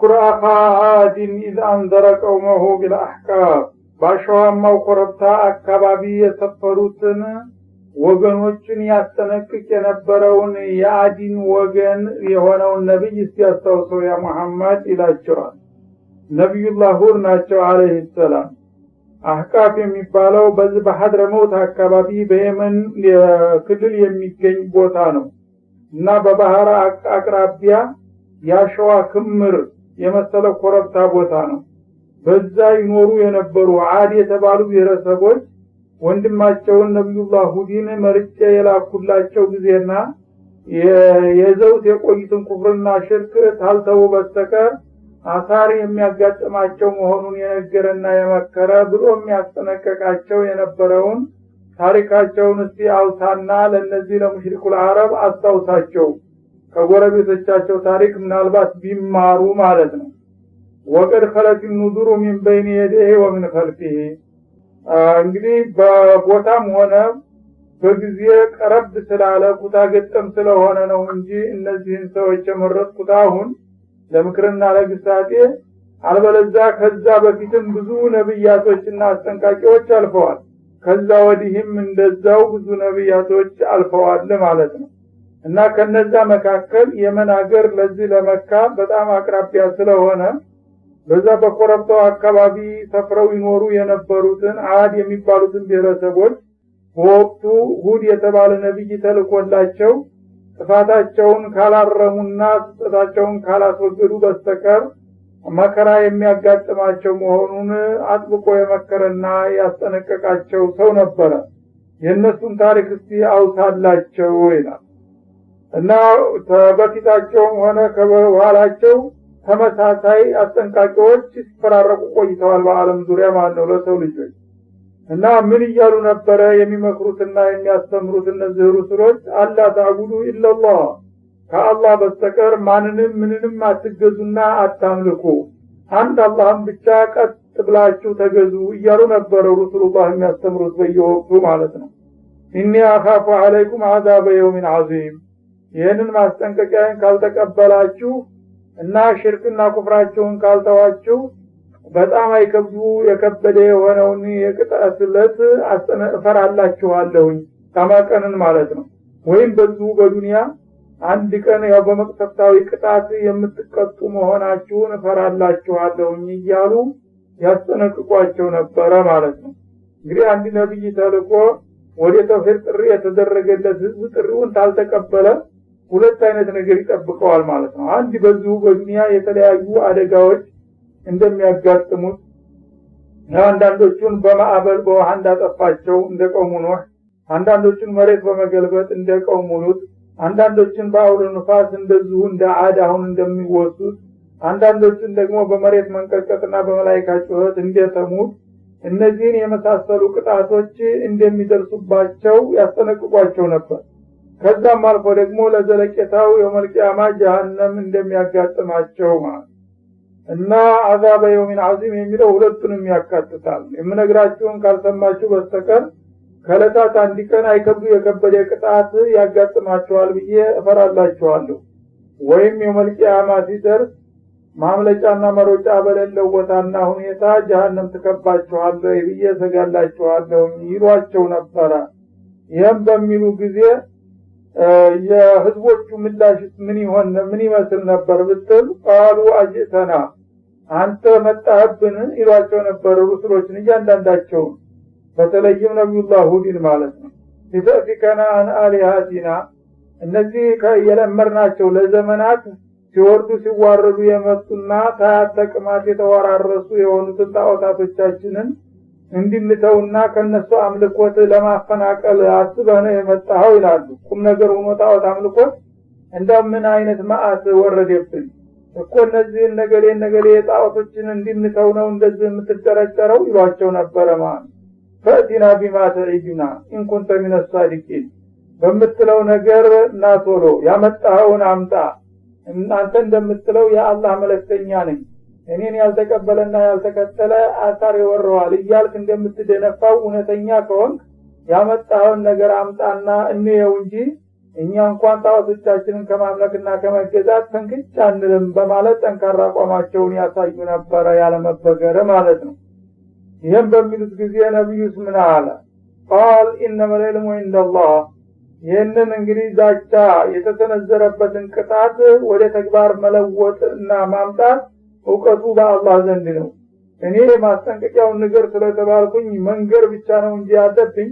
واذكر አኻ አድን ኢዝ አንዘረ ቀውመሁ ቢልአሕቃብ ባሸዋማው ኮረብታ አካባቢ የሰፈሩትን ወገኖችን ያስጠነቅቅ የነበረውን የአዲን ወገን የሆነውን ነቢይ እስቲ ያስታውሰው ያ መሐመድ ይላቸዋል። ነቢዩላህ ሁር ናቸው አለህ ሰላም። አህቃፍ የሚባለው በዚህ በሀድረመውት አካባቢ በየመን ክልል የሚገኝ ቦታ ነው እና በባህር አቅራቢያ ያሸዋ ክምር የመሰለ ኮረብታ ቦታ ነው። በዛ ይኖሩ የነበሩ አድ የተባሉ ብሔረሰቦች ወንድማቸውን ነቢዩላህ ሁዲን መርጨ የላኩላቸው ጊዜና የዘውት የቆይትን ኩፍርና ሽርክ ታልተው በስተቀር አሳር የሚያጋጥማቸው መሆኑን የነገረና የመከረ ብሎ የሚያስጠነቀቃቸው የነበረውን ታሪካቸውን እስቲ አውሳና ለእነዚህ ለሙሽሪኩ ለአረብ አስታውሳቸው ከጎረቤቶቻቸው ታሪክ ምናልባት ቢማሩ ማለት ነው። ወቀድ ከለት ኑዙሩ ሚን በይን የደህ ወምን ከልፊህ እንግዲህ በቦታም ሆነ በጊዜ ቀረብ ስላለ ኩታ ገጠም ስለሆነ ነው እንጂ እነዚህን ሰዎች የመረጥኩት አሁን ለምክርና ለግሳጤ፣ አልበለዛ ከዛ በፊትም ብዙ ነብያቶችና አስጠንቃቂዎች አልፈዋል። ከዛ ወዲህም እንደዛው ብዙ ነብያቶች አልፈዋል ማለት ነው። እና ከነዛ መካከል የመን ሀገር ለዚህ ለመካ በጣም አቅራቢያ ስለሆነ በዛ በኮረብታው አካባቢ ሰፍረው ይኖሩ የነበሩትን አድ የሚባሉትን ብሔረሰቦች በወቅቱ ሁድ የተባለ ነቢይ ተልኮላቸው ጥፋታቸውን ካላረሙና ስጠታቸውን ካላስወገዱ በስተቀር መከራ የሚያጋጥማቸው መሆኑን አጥብቆ የመከረና ያስጠነቀቃቸው ሰው ነበረ። የእነሱን ታሪክ እስቲ አውሳላቸው ይላል። እና በፊታቸውም ሆነ ከበኋላቸው ተመሳሳይ አስጠንቃቂዎች ሲፈራረቁ ቆይተዋል በአለም ዙሪያ ማለት ነው ለሰው ልጆች እና ምን እያሉ ነበረ የሚመክሩትና የሚያስተምሩት እነዚህ ሩስሎች አላ ታዕቡዱ ኢለላህ ከአላህ በስተቀር ማንንም ምንንም አትገዙና አታምልኩ አንድ አላህም ብቻ ቀጥ ብላችሁ ተገዙ እያሉ ነበረ ሩሱሉላህ የሚያስተምሩት በየወቅቱ ማለት ነው ኢኒ አካፉ አለይኩም አዛበ የውሚን አዚም ይህንን ማስጠንቀቂያን ካልተቀበላችሁ እና ሽርክና ኩፍራቸውን ካልተዋችሁ በጣም አይከብዱ የከበደ የሆነውን የቅጣት ዕለት እፈራላችኋለሁኝ ጠማቀንን ማለት ነው። ወይም በዙ በዱንያ አንድ ቀን ያው በመቅሰፍታዊ ቅጣት የምትቀጡ መሆናችሁን እፈራላችኋለሁኝ እያሉ ያስጠነቅቋቸው ነበረ ማለት ነው። እንግዲህ አንድ ነቢይ ተልኮ ወደ ተውሂድ ጥሪ የተደረገለት ህዝብ ጥሪውን ታልተቀበለ ሁለት አይነት ነገር ይጠብቀዋል ማለት ነው። አንድ በዚሁ በዱኒያ የተለያዩ አደጋዎች እንደሚያጋጥሙት አንዳንዶቹን በማዕበል በውሃ እንዳጠፋቸው እንደ ቀውሙ ኖህ፣ አንዳንዶቹን መሬት በመገልበጥ እንደ ቀውሙ ሉጥ፣ አንዳንዶቹን በአውሎ ንፋስ እንደዚሁ እንደ አድ አሁን እንደሚወሱት፣ አንዳንዶቹን ደግሞ በመሬት መንቀጥቀጥና በመላይካ ጩኸት እንደተሙት እነዚህን የመሳሰሉ ቅጣቶች እንደሚደርሱባቸው ያስጠነቅቋቸው ነበር። ከዛም አልፎ ደግሞ ለዘለቄታው የመልቅያማ ጃሃንም እንደሚያጋጥማቸው ማለት እና አዛበ የውሚን አዚም የሚለው ሁለቱንም ያካትታል። የምነግራችሁን ካልሰማችሁ በስተቀር ከለታት አንድ ቀን አይከብዱ የከበደ ቅጣት ያጋጥማችኋል ብዬ እፈራላችኋለሁ። ወይም የመልቅያማ ሲደርስ ማምለጫና መሮጫ በሌለው ቦታና ሁኔታ ጀሃነም ትከባችኋለሁ ብዬ ሰጋላችኋለሁ ይሏቸው ነበረ። ይህም በሚሉ ጊዜ የህዝቦቹ ምላሽ ምን ይሆን ምን ይመስል ነበር ብትል ቃሉ አጅእተና አንተ መጣህብን ይሏቸው ነበር ሩስሎችን እያንዳንዳቸውን በተለይም ነቢዩላህ ሁዲን ማለት ነው ሊተእፊከና አን አሊሃቲና እነዚህ የለመድናቸው ለዘመናት ሲወርዱ ሲዋረዱ የመጡና ታያተቅማት የተወራረሱ የሆኑትን ጣዖታቶቻችንን እንዲምተውና ከነሱ አምልኮት ለማፈናቀል አስበህ ነው የመጣኸው ይላሉ። ቁም ነገር ሆኖ ጣዖት አምልኮት እንዳ ምን አይነት መዓት ወረደብን እኮ እነዚህን ነገሌ ነገሌ የጣዖቶችን እንዲምተው ነው እንደዚህ የምትጨረጨረው ይሏቸው ነበረ። ማለት ፈእቲና ቢማ ተዒዱና ኢንኩንተ ምን ሳዲቂን በምትለው ነገር እናቶሎ ያመጣኸውን አምጣ። እናንተ እንደምትለው የአላህ መለክተኛ ነኝ እኔን ያልተቀበለና ያልተከተለ አሳር ይወረዋል እያልክ እንደምትደነፋው እውነተኛ ከሆንክ ያመጣኸውን ነገር አምጣና እንየው እንጂ እኛ እንኳን ጣዖቶቻችንን ከማምለክና ከመገዛት ፈንክጭ አንልም በማለት ጠንካራ አቋማቸውን ያሳዩ ነበረ፣ ያለመበገር ማለት ነው። ይህም በሚሉት ጊዜ ነቢዩስ ምን አለ? ቃል ኢነመል ዒልሙ ይህንን እንግዲህ ዛቻ የተሰነዘረበትን ቅጣት ወደ ተግባር መለወጥ እና ማምጣት እውቀቱ በአላህ ዘንድ ነው እኔ የማስጠንቀቂያውን ነገር ስለተባልኩኝ መንገር ብቻ ነው እንጂ ያለብኝ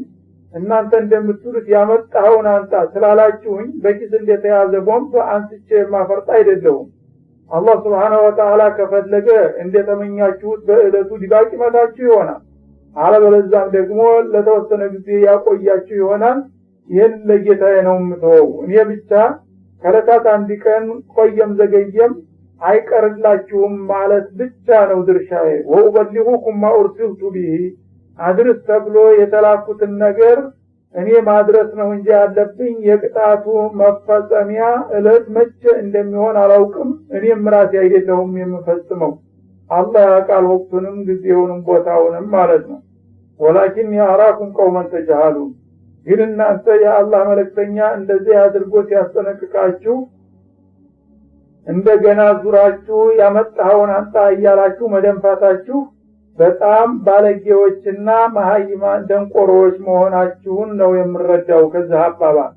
እናንተ እንደምትሉት ያመጣኸውን አንጣ ስላላችሁኝ በኪስ እንደተያዘ ቦምብ አንስቼ የማፈርጣ አይደለሁም አላህ ስብሓነሁ ወተላ ከፈለገ እንደተመኛችሁት በእለቱ ዲባቂ መታችሁ ይሆናል አለበለዛም ደግሞ ለተወሰነ ጊዜ ያቆያችሁ ይሆናል ይህን ለጌታዬ ነው የምተወው እኔ ብቻ ከለታት አንድ ቀን ቆየም ዘገየም አይቀርላችሁም ማለት ብቻ ነው ድርሻዬ። ወኡበሊሁኩም ማ ኡርሲልቱ ቢሂ አድርስ ተብሎ የተላኩትን ነገር እኔ ማድረስ ነው እንጂ ያለብኝ የቅጣቱ መፈጸሚያ እለት መቼ እንደሚሆን አላውቅም። እኔም ራሴ አይደለሁም የምፈጽመው፣ አላህ ያቃል ወቅቱንም ጊዜውንም ቦታውንም ማለት ነው። ወላኪን የአራኩም ቀውመን ተጃሃሉን፣ ግን እናንተ የአላህ መለክተኛ እንደዚህ አድርጎ ሲያስጠነቅቃችሁ እንደገና ዙራችሁ ያመጣኸውን አንጣ እያላችሁ መደንፋታችሁ በጣም ባለጌዎችና መሀይማን ደንቆሮዎች መሆናችሁን ነው የምረዳው። ከዚህ አባባል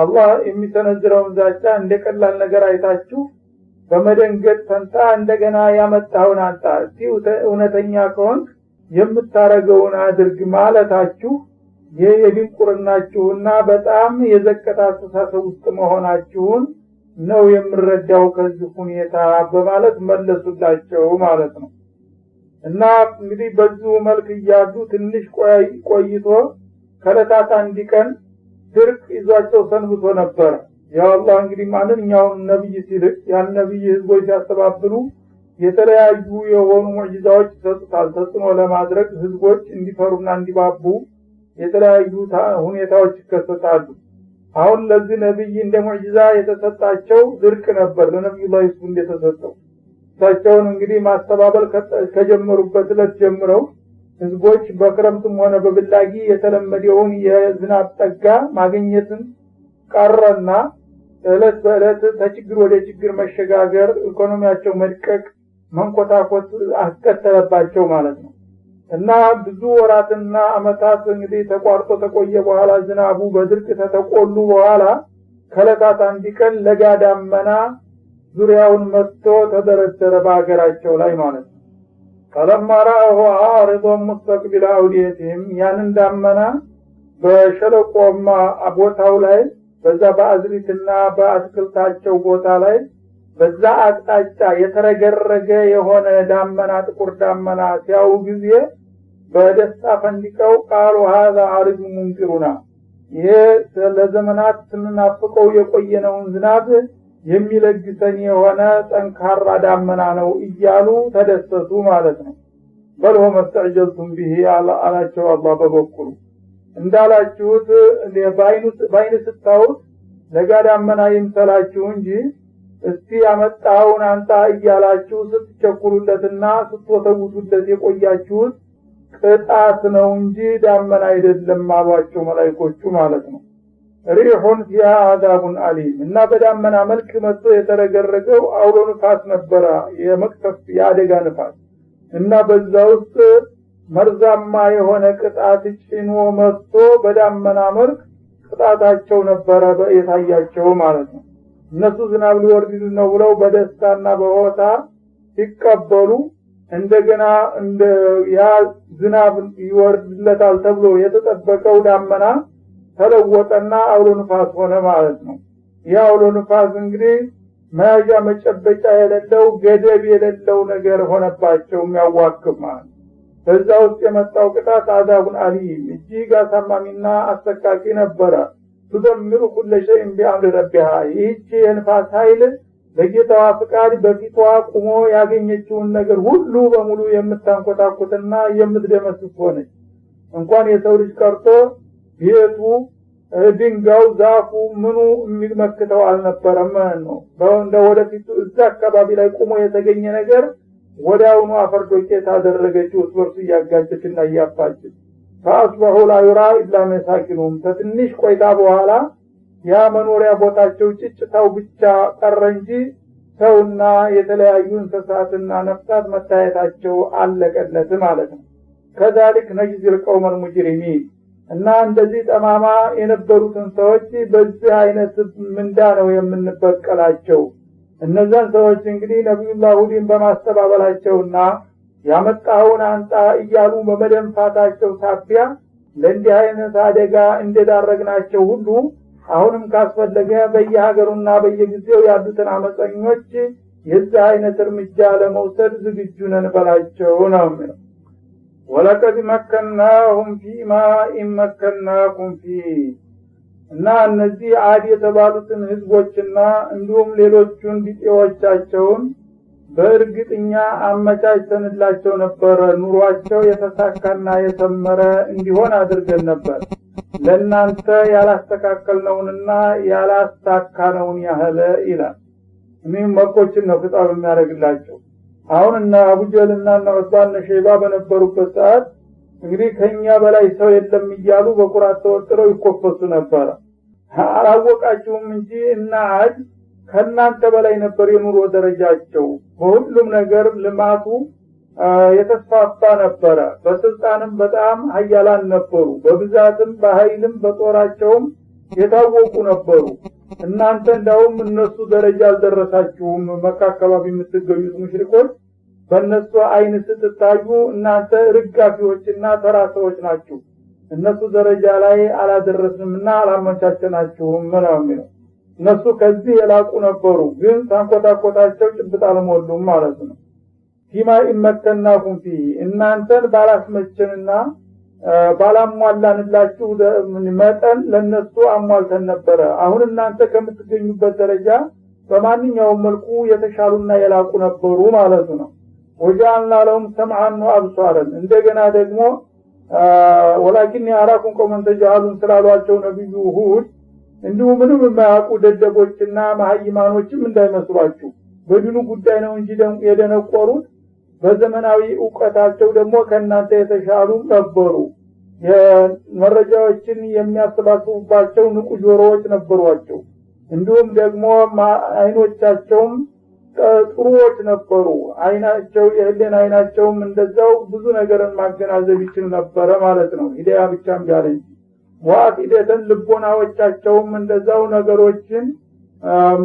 አላህ የሚሰነዝረውን ዛቻ እንደ ቀላል ነገር አይታችሁ በመደንገጥ ፈንታ እንደገና ያመጣውን አንጣ፣ እስቲ እውነተኛ ከሆንክ የምታረገውን አድርግ ማለታችሁ ይህ የድንቁርናችሁና በጣም የዘቀጠ አስተሳሰብ ውስጥ መሆናችሁን ነው የምረዳው ከዚህ ሁኔታ በማለት መለሱላቸው ማለት ነው። እና እንግዲህ በዚሁ መልክ እያሉ ትንሽ ቆይቶ ከዕለታት አንድ ቀን ድርቅ ይዟቸው ሰንብቶ ነበረ። ያው አላህ እንግዲህ ማንኛውን ነቢይ ሲልቅ ያን ነቢይ ህዝቦች ሲያስተባብሉ የተለያዩ የሆኑ ሙዕጂዛዎች ይሰጡታል። ተጽዕኖ ለማድረግ ህዝቦች እንዲፈሩና እንዲባቡ የተለያዩ ሁኔታዎች ይከሰታሉ። አሁን ለዚህ ነብይ እንደ ሙዕጂዛ የተሰጣቸው ድርቅ ነበር ለነቢዩላህ ዩሱፍ እንደተሰጠው እሳቸውን እንግዲህ ማስተባበል ከጀመሩበት እለት ጀምረው ህዝቦች በክረምትም ሆነ በብላጊ የተለመደውን የዝናብ ጠጋ ማግኘትን ቀረና እለት በእለት ከችግር ወደ ችግር መሸጋገር ኢኮኖሚያቸው መድቀቅ መንኮታኮት አስከተለባቸው ማለት ነው እና ብዙ ወራትና አመታት እንግዲህ ተቋርጦ ተቆየ በኋላ ዝናቡ በድርቅ ተተቆሉ በኋላ ከለታት አንድ ቀን ለጋ ዳመና ዙሪያውን መጥቶ ተደረደረ በሀገራቸው ላይ ማለት ነው። ቀለማ ራአሁ አሪዶን ሙስተቅቢል አውዲየትህም ያንን ዳመና በሸለቆማ ቦታው ላይ በዛ በአዝሪትና በአትክልታቸው ቦታ ላይ በዛ አቅጣጫ የተረገረገ የሆነ ዳመና ጥቁር ዳመና ሲያው ጊዜ በደስታ ፈንድቀው ቃሉ ሀዛ አርጁ ሙንቅሩና ይሄ ለዘመናት ስንናፍቀው የቆየነውን ዝናብ የሚለግሰን የሆነ ጠንካራ ዳመና ነው እያሉ ተደሰቱ ማለት ነው። በልሆ መስተዕጀልቱም ብህ አላቸው። አላ በበኩሉ እንዳላችሁት በአይን ስታዩት ለጋ ዳመና ይምሰላችሁ እንጂ እስቲ ያመጣውን አንጣ እያላችሁ ስትቸኩሉለትና ስትወተውቱለት የቆያችሁት ቅጣት ነው እንጂ ዳመና አይደለም አሏቸው መላይኮቹ ማለት ነው። ሪሑን ፊሃ አዛቡን አሊም እና በዳመና መልክ መጥቶ የተረገረገው አውሎ ንፋስ ነበረ፣ የመቅሰፍ የአደጋ ንፋስ እና በዛ ውስጥ መርዛማ የሆነ ቅጣት ጭኖ መጥቶ በዳመና መልክ ቅጣታቸው ነበረ የታያቸው ማለት ነው። እነሱ ዝናብ ሊወርድ ነው ብለው በደስታና በሆታ ሲቀበሉ እንደገና ያ ዝናብ ይወርድለታል ተብሎ የተጠበቀው ዳመና ተለወጠና አውሎ ንፋስ ሆነ ማለት ነው። ይህ አውሎ ንፋስ እንግዲህ መያዣ መጨበጫ የሌለው ገደብ የሌለው ነገር ሆነባቸው የሚያዋክብ ማለት ነው። በዛ ውስጥ የመጣው ቅጣት አዛቡን አሊይም እጅግ አሳማሚና አሰቃቂ ነበረ። ቱደምሩ ኩለ ሸይን ቢአምሪ ረቢሃ ይህቺ የንፋስ ኃይል በጌታዋ ፍቃድ በፊቷ ቁሞ ያገኘችውን ነገር ሁሉ በሙሉ የምታንኮታኩትና የምትደመስስ ሆነች። እንኳን የሰው ልጅ ቀርቶ ቤቱ፣ ድንጋው ዛፉ፣ ምኑ የሚመክተው አልነበረም ነው። እንደ ወደፊቱ እዛ አካባቢ ላይ ቁሞ የተገኘ ነገር ወዲያውኑ አፈር ዶቄት አደረገችው፣ እርስ በርሱ እያጋጨችና እያፋጭች። ፈአስበሁ ላዩራ ኢላ መሳኪኑም ከትንሽ ቆይታ በኋላ ያ መኖሪያ ቦታቸው ጭጭታው ብቻ ቀረ እንጂ ሰውና የተለያዩ እንስሳትና ነፍሳት መታየታቸው አለቀለት ማለት ነው። ከዛሊክ ነጅዝ ቀውመል ሙጅሪሚን እና እንደዚህ ጠማማ የነበሩትን ሰዎች በዚህ አይነት ምንዳ ነው የምንበቀላቸው። እነዛን ሰዎች እንግዲህ ነቢዩላ ሁዲን በማስተባበላቸውና ያመጣኸውን አንጣ እያሉ በመደንፋታቸው ሳቢያ ለእንዲህ አይነት አደጋ እንደዳረግናቸው ሁሉ አሁንም ካስፈለገ በየሀገሩና በየጊዜው ያሉትን አመፀኞች የዚህ አይነት እርምጃ ለመውሰድ ዝግጁ ነን በላቸው ነው የሚለው። ወለቀድ መከናሁም ፊ ማኢን ፊ እና እነዚህ አድ የተባሉትን ህዝቦችና እንዲሁም ሌሎቹን ቢጤዎቻቸውን በእርግጥኛ እኛ አመቻችተንላቸው ነበረ። ኑሯቸው የተሳካና የሰመረ እንዲሆን አድርገን ነበር። ለእናንተ ያላስተካከልነውንና ነውን ያህል ይላል። እኒህም መኮችን ነው ክጣብ የሚያደርግላቸው። አሁን እና አቡጀልና እና ዑትባና ሸይባ በነበሩበት ሰዓት እንግዲህ ከእኛ በላይ ሰው የለም እያሉ በኩራት ተወጥረው ይኮፈሱ ነበረ። አላወቃችሁም እንጂ እና አጅ ከእናንተ በላይ ነበር የኑሮ ደረጃቸው። በሁሉም ነገር ልማቱ የተስፋፋ ነበረ። በስልጣንም በጣም ሀያላን ነበሩ። በብዛትም በሀይልም በጦራቸውም የታወቁ ነበሩ። እናንተ እንዳውም እነሱ ደረጃ አልደረሳችሁም። መካ አካባቢ የምትገኙት ሙሽሪኮች በእነሱ አይን ስትታዩ እናንተ ርጋፊዎችና ተራ ሰዎች ናችሁ። እነሱ ደረጃ ላይ አላደረስንምና አላመቻቸናችሁም ነው የሚለው እነሱ ከዚህ የላቁ ነበሩ፣ ግን ታንኮታኮታቸው ጭብጥ አልሞሉም ማለት ነው። ፊማ ኢመተናኩም ፊ እናንተን ባላስመችንና ባላሟላንላችሁ መጠን ለነሱ አሟልተን ነበረ። አሁን እናንተ ከምትገኙበት ደረጃ በማንኛውም መልኩ የተሻሉና የላቁ ነበሩ ማለት ነው። ወጃአልና ለሁም ሰምአኑ አብሷረን እንደገና ደግሞ ወላኪን አራኩም ቆመን ተጃሃሉን ስላሏቸው ነቢዩ ሁድ እንዲሁ ምንም የማያውቁ ደደቦችና መሀይማኖችም እንዳይመስሏችሁ በድኑ ጉዳይ ነው እንጂ የደነቆሩት በዘመናዊ እውቀታቸው ደግሞ ከእናንተ የተሻሉ ነበሩ። መረጃዎችን የሚያሰባስቡባቸው ንቁ ጆሮዎች ነበሯቸው። እንዲሁም ደግሞ አይኖቻቸውም ጥሩዎች ነበሩ። አይናቸው የህሌን አይናቸውም እንደዛው ብዙ ነገርን ማገናዘብ ይችል ነበረ ማለት ነው። ሂዳያ ብቻም ቢያለኝ ዋፊደተን ልቦናዎቻቸውም እንደዛው ነገሮችን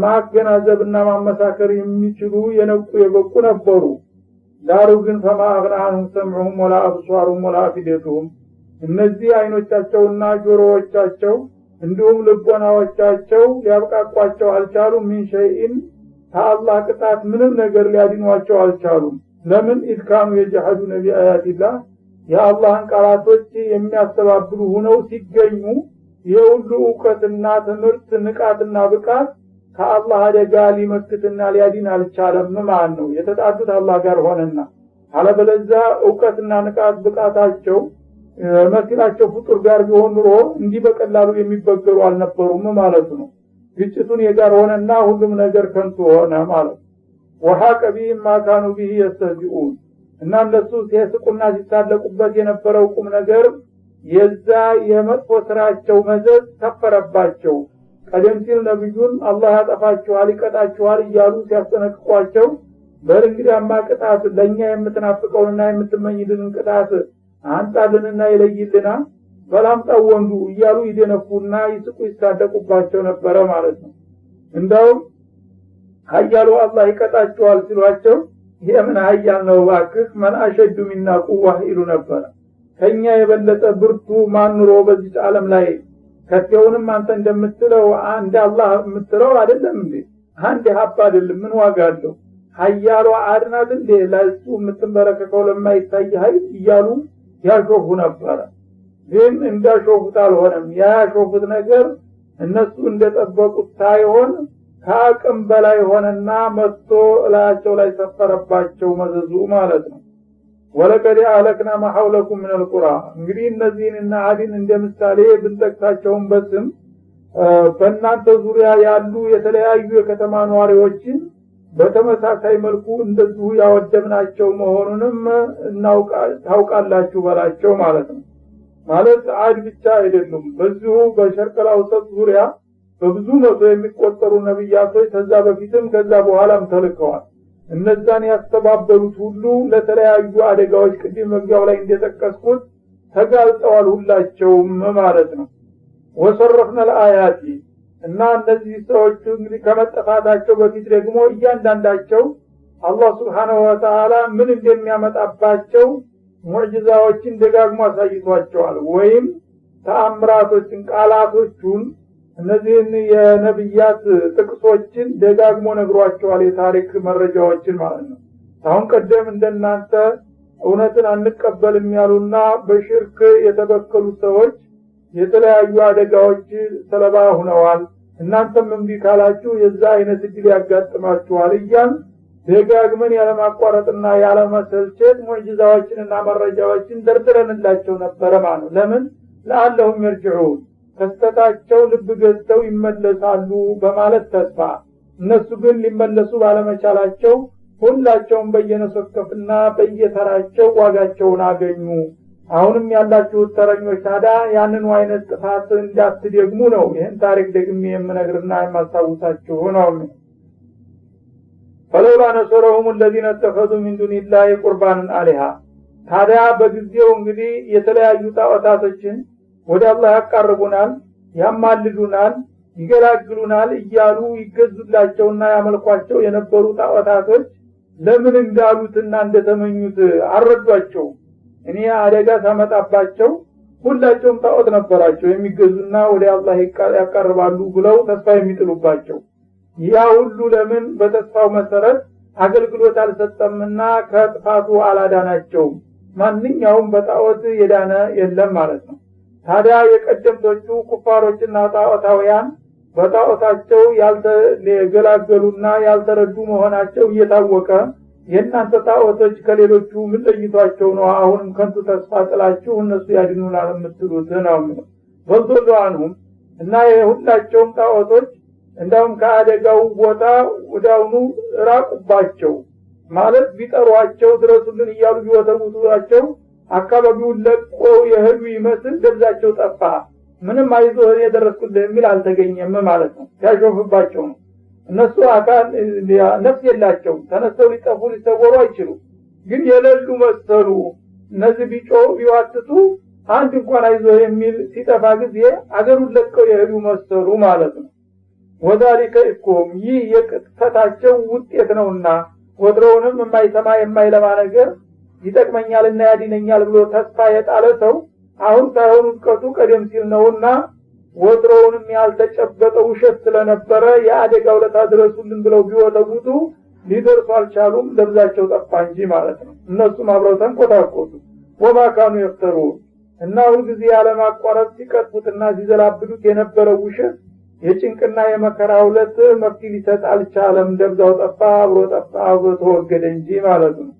ማገናዘብና ማመሳከር የሚችሉ የነቁ የበቁ ነበሩ። ዳሩ ግን ፈማ ሰምዑሁም ወላ አብሷሩም ወላ አፊደቱሁም እነዚህ አይኖቻቸውና ጆሮዎቻቸው እንዲሁም ልቦናዎቻቸው ሊያብቃቋቸው አልቻሉም። ምን ሸይን ከአላህ ቅጣት ምንም ነገር ሊያድኗቸው አልቻሉም። ለምን ኢድካኑ የጀሐዱ ነቢ አያቲላህ የአላህን ቃላቶች የሚያስተባብሉ ሁነው ሲገኙ ይሄ ሁሉ እውቀትና ትምህርት ንቃትና ብቃት ከአላህ አደጋ ሊመክትና ሊያዲን አልቻለም ማለት ነው። የተጣዱት አላህ ጋር ሆነና አለበለዛ እውቀትና ንቃት ብቃታቸው መሲላቸው ፍጡር ጋር ቢሆን ኑሮ እንዲህ በቀላሉ የሚበገሩ አልነበሩም ማለት ነው። ግጭቱን የጋር ሆነና ሁሉም ነገር ከንቱ ሆነ ማለት ወሐቀ ቢሂም ማካኑ ቢህ የስተዚኡን እናም ለሱ ሲስቁና ሲሳለቁበት የነበረው ቁም ነገር የዛ የመጥፎ ስራቸው መዘዝ ተፈረባቸው። ቀደም ሲል ነቢዩን አላህ ያጠፋችኋል፣ ይቀጣችኋል እያሉ ሲያስጠነቅቋቸው በር አማ ቅጣት ለእኛ የምትናፍቀውንና የምትመኝልንን ቅጣት አንጣልንና ይለይልና በላምጣው ወንዱ እያሉ ይደነፉና ይስቁ ይሳደቁባቸው ነበረ ማለት ነው። እንዳውም ሀያሉ አላህ ይቀጣችኋል ሲሏቸው ይሄ ምን ሀያል ነው እባክህ መን አሸዱ ሚና ቁዋ ይሉ ነበረ ከእኛ የበለጠ ብርቱ ማን ኑሮ በዚች ዓለም ላይ ከቴውንም አንተ እንደምትለው አንድ አላህ የምትለው አይደለም እንዴ አንድ ሀብ አይደለም ምን ዋጋ አለው ሀያሏ አድናት እንዴ ለሱ የምትመረከከው ለማይታይ ሀይል እያሉ ያሾፉ ነበረ ግን እንዳሾፉት አልሆነም ያሾፉት ነገር እነሱ እንደጠበቁት ሳይሆን ከአቅም በላይ ሆነና መጥቶ እላያቸው ላይ ሰፈረባቸው መዘዙ ማለት ነው። ወለቀድ አለክና ማሐውለኩም ምን ልቁራ እንግዲህ እነዚህንና አዲን እንደ ምሳሌ ብንጠቅሳቸውን በስም በእናንተ ዙሪያ ያሉ የተለያዩ የከተማ ነዋሪዎችን በተመሳሳይ መልኩ እንደዚሁ ያወደምናቸው መሆኑንም ታውቃላችሁ በላቸው ማለት ነው። ማለት አድ ብቻ አይደሉም። በዚሁ በሸርቀል ዙሪያ በብዙ መቶ የሚቆጠሩ ነቢያቶች ከዛ በፊትም ከዛ በኋላም ተልከዋል። እነዛን ያስተባበሉት ሁሉ ለተለያዩ አደጋዎች ቅድም መግቢያው ላይ እንደጠቀስኩት ተጋልጠዋል ሁላቸውም ማለት ነው። ወሰረፍነ ለአያቲ እና እነዚህ ሰዎች እንግዲህ ከመጠፋታቸው በፊት ደግሞ እያንዳንዳቸው አላህ ስብሓነሁ ወተላ ምን እንደሚያመጣባቸው ሙዕጅዛዎችን ደጋግሞ አሳይቷቸዋል። ወይም ተአምራቶችን ቃላቶቹን እነዚህን የነቢያት ጥቅሶችን ደጋግሞ ነግሯቸዋል። የታሪክ መረጃዎችን ማለት ነው። አሁን ቀደም እንደናንተ እውነትን አንቀበልም ያሉና በሽርክ የተበከሉ ሰዎች የተለያዩ አደጋዎች ሰለባ ሁነዋል። እናንተም እንቢ ካላችሁ የዛ አይነት እድል ያጋጥማችኋል እያል ደጋግመን ያለማቋረጥና ያለመሰልቸት ሙዕጅዛዎችንና መረጃዎችን ደርድረንላቸው ነበረ ማለት ነው። ለምን ለአለሁም ይርጅዑን ከስተታቸው ልብ ገዝተው ይመለሳሉ በማለት ተስፋ እነሱ ግን ሊመለሱ ባለመቻላቸው ሁላቸውም በየነሰከፍና በየተራቸው ዋጋቸውን አገኙ። አሁንም ያላችሁት ተረኞች ታዳ ያንኑ አይነት ጥፋት እንዳትደግሙ ነው ይህን ታሪክ ደግሜ የምነግርና የማስታውሳችሁ ነው። ፈለውላ ነሰረሁም እለዚነ ተኸዙ ምን ዱኒላሂ ቁርባንን አሊሃ ታዲያ በጊዜው እንግዲህ የተለያዩ ጣዖታቶችን ወደ አላህ ያቃርቡናል፣ ያማልዱናል፣ ይገላግሉናል እያሉ ይገዙላቸውና ያመልኳቸው የነበሩ ጣዖታቶች ለምን እንዳሉትና እንደተመኙት አረዷቸው እኔ አደጋ ሳመጣባቸው ሁላቸውም ጣዖት ነበራቸው የሚገዙና ወደ አላህ ያቀርባሉ ብለው ተስፋ የሚጥሉባቸው። ያ ሁሉ ለምን በተስፋው መሰረት አገልግሎት አልሰጠምና ከጥፋቱ አላዳናቸውም። ማንኛውም በጣዖት የዳነ የለም ማለት ነው። ታዲያ የቀደምቶቹ ኩፋሮችና ጣዖታውያን በጣዖታቸው ያልተገላገሉና ያልተረዱ መሆናቸው እየታወቀ የእናንተ ጣዖቶች ከሌሎቹ ምን ነው አሁንም ከንቱ ተስፋ ጥላችሁ እነሱ ያድኑናል የምትሉት ነው በልቶሎ አንሁም እና የሁላቸውም ጣዖቶች እንዳውም ከአደጋው ቦታ ወዳውኑ ራቁባቸው ማለት ቢጠሯቸው ድረሱልን እያሉ ቢወተውቱላቸው አካባቢውን ለቆ የህሉ ይመስል ደብዛቸው ጠፋ። ምንም አይዞህ የደረስኩት የሚል አልተገኘም ማለት ነው። ሲያሾፍባቸው ነው። እነሱ አካል ነፍስ የላቸው ተነስተው ሊጠፉ ሊሰወሩ አይችሉ ግን የሌሉ መሰሉ። እነዚህ ቢጮ ቢዋትቱ አንድ እንኳን አይዞ የሚል ሲጠፋ ጊዜ አገሩን ለቀው የህሉ መሰሉ ማለት ነው። ወዛሊከ እኮም ይህ የቅጥፈታቸው ውጤት ነውና ወድረውንም የማይሰማ የማይለማ ነገር ይጠቅመኛልና ያድነኛል ብሎ ተስፋ የጣለ ሰው አሁን ሳይሆን እውቀቱ ቀደም ሲል ነውና ወትሮውንም ያልተጨበጠ ውሸት ስለነበረ የአደጋ ውለታ ድረሱልን ብለው ቢወለጉቱ ሊደርሱ አልቻሉም። ደብዛቸው ጠፋ እንጂ ማለት ነው። እነሱም አብረው ተንቆታቆቱ። ወማካኑ የፍተሩን እና ሁልጊዜ ያለማቋረጥ ሲቀጥፉትና ሲዘላብዱት የነበረው ውሸት የጭንቅና የመከራ ሁለት መፍትሄ ሊሰጥ አልቻለም። ደብዛው ጠፋ፣ አብሮ ጠፋ፣ አብሮ ተወገደ እንጂ ማለት ነው።